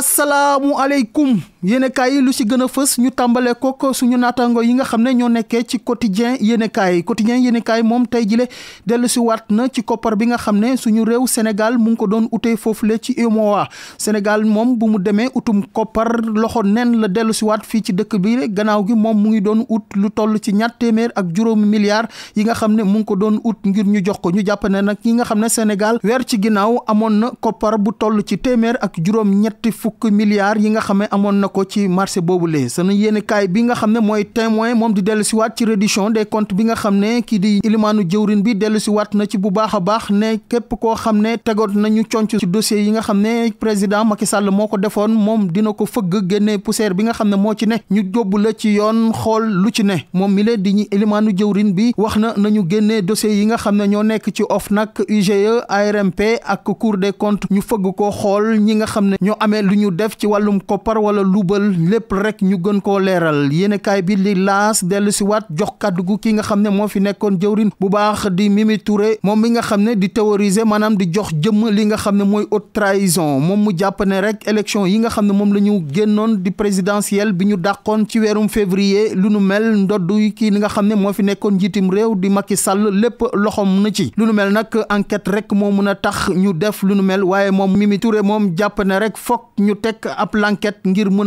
asalaamualeykum yéenekaay yi lu ci gën a fës ñu tàmbale ko suñu naataango yi nga xam ne ñoo nekkee ci quotidien yéenekaay quotidien yéenekaay moom tey jile dellu si waat na ci koppar bi nga xam ne suñu réew Sénégal mu ngi ko doon utee foofule ci UEMOA Sénégal moom bu mu demee utum koppar loxo nen la dellu si waat fii ci dëkk bi gannaaw gi moom mu ngi doon ut lu toll ci ñaar téeméer ak juróom milliards yi nga xam ne mu ngi ko doon ut ngir ñu jox ko ñu jàpp nag yi nga xam ne Sénégal weer ci ginnaaw amoon na koppar bu toll ci téeméer ak juróom fukk milliards yi nga xam ne amoon na ko ci marché boobu lee sunu yéenekaay bi nga xam ne mooy témoin moom di dellu siwaat ci reddition des comptes bi nga xam ne kii di ilimaanu jëwrin bi dellu siwaat na ci bu baax a baax ne képp koo xam ne tegoot nañu conc ci dossier yi nga xam ne président Macky Sall moo ko defoon moom dina ko fëgg génne poussière bi nga xam ne moo ci ne ñu jóbbu la ci yoon xool lu ci ne moom mi lee di ñu ilimaanu jëwrin bi wax na nañu génnee dossier yi nga xam ne ñoo nekk ci OFNAC IGE ARMP ak Cour des ñu fëgg ko xool ñi nga xam ne ñoo amee lu ñu def ci wàllum jubal lépp rek ñu gën koo leeral yéenekaay bi li laas dellu si waat jox kàddu ki nga xam ne moo fi nekkoon jëwrin bu baax di Mimi Touré moom mi nga xam ne di théoriser maanaam di jox jëmm li nga xam ne mooy haute trahison moom mu jàpp ne rek élection yi nga xam ne moom la ñu génnoon di présidentielle bi ñu dàqoon ci weerum février lu nu mel ndoddu kii li nga xam ne moo fi nekkoon njiitim réew di Macky Sall lépp loxom na ci lu nu mel nag enquête rek moo mun a tax ñu def lu nu mel waaye moom Mimi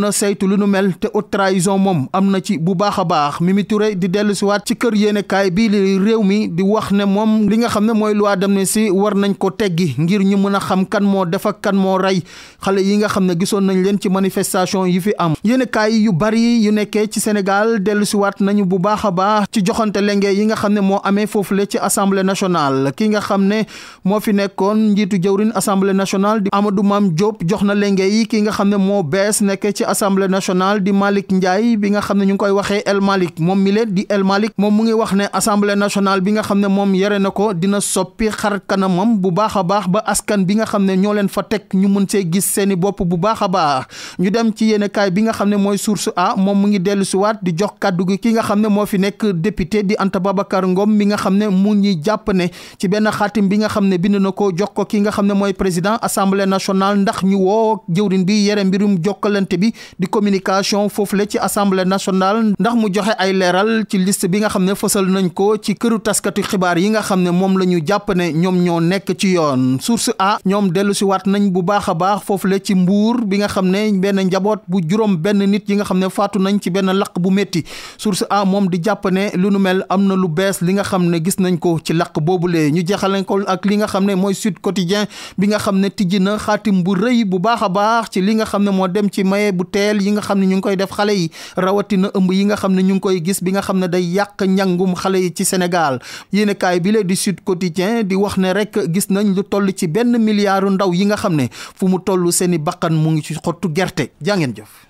mën a nu mel te haute moom am na ci bu baax a baax Mimi Touré di dellusiwaat ci kër yéenekaay bii li réew mi di wax ne moom li nga xam ne mooy loi d'amnistie war nañ ko teggi ngir ñu mën a xam kan moo def ak kan moo rey xale yi nga xam ne gisoon nañ leen ci manifestation yi fi am yéenekaay yu bari yu nekkee ci senegal Sénégal dellusiwaat nañu bu baax a baax ci joxante lenge yi nga xam ne moo amee foofu le ci assemblée nationale ki nga xam ne moo fi nekkoon njiitu jëwrin assemblée nationale di Amadou Mame jox na lenge yi ki nga xam ne moo bees nekk ci assemblée nationale di Malick Ndiaye bi nga xam ne ñu ngi koy waxee El Malick moom mi leen di El Malick moom mu ngi wax ne assemblée nationale bi nga xam ne moom yore na ko dina soppi xar kanamam bu baax a baax ba askan bi nga xam ne ñoo leen fa teg ñu mën see gis seeni bopp bu baax a baax ñu dem ci yéen bi nga xam ne mooy source a moom mu ngi dellu siwaat di jox kàddu gi ki nga xam ne moo fi nekk député di Anta Babacar Ngom mi nga xam ne mu ngi jàpp ne ci benn xaatim bi nga xam ne bind na ko jox ko ki nga xam ne mooy président assemblée nationale ndax ñu woo jëwrin bi yere mbirum jokkalante bi di communication foofu la ci assemblée national ndax mu joxe ay leeral ci liste bi nga xam ne fësal nañ ko ci këru taskatu xibaar yi nga xam ne moom la ñu jàpp ñoom ñoo nekk ci yoon source a ñoom dellu si waat nañ bu baax a baax foofu la ci mbuur bi nga xam ne benn njaboot bu juróom benn nit yi nga xam ne faatu nañ ci benn laq bu métti source a moom di jàppane lu nu mel am na lu bees li nga xam ne gis nañ ko ci boobu boobulee ñu jeexale ko ak li nga xam ne mooy Sud Quotidien bi nga xam ne tijji na xaatim bu rëy bu baax a baax li xam ne moo dem teel yi nga xam ne ñu ngi koy def xale yi rawatina ëmb yi nga xam ne ñu ngi koy gis bi nga xam ne day yàq njàngum xale yi ci Sénégal yéen bi la di Sud Quotidien di wax ne rek gis nañ lu toll ci benn milliard ndaw yi nga xam ne fu mu toll seen i bakkan mu ngi ci xottu gerte jàngeen ngeen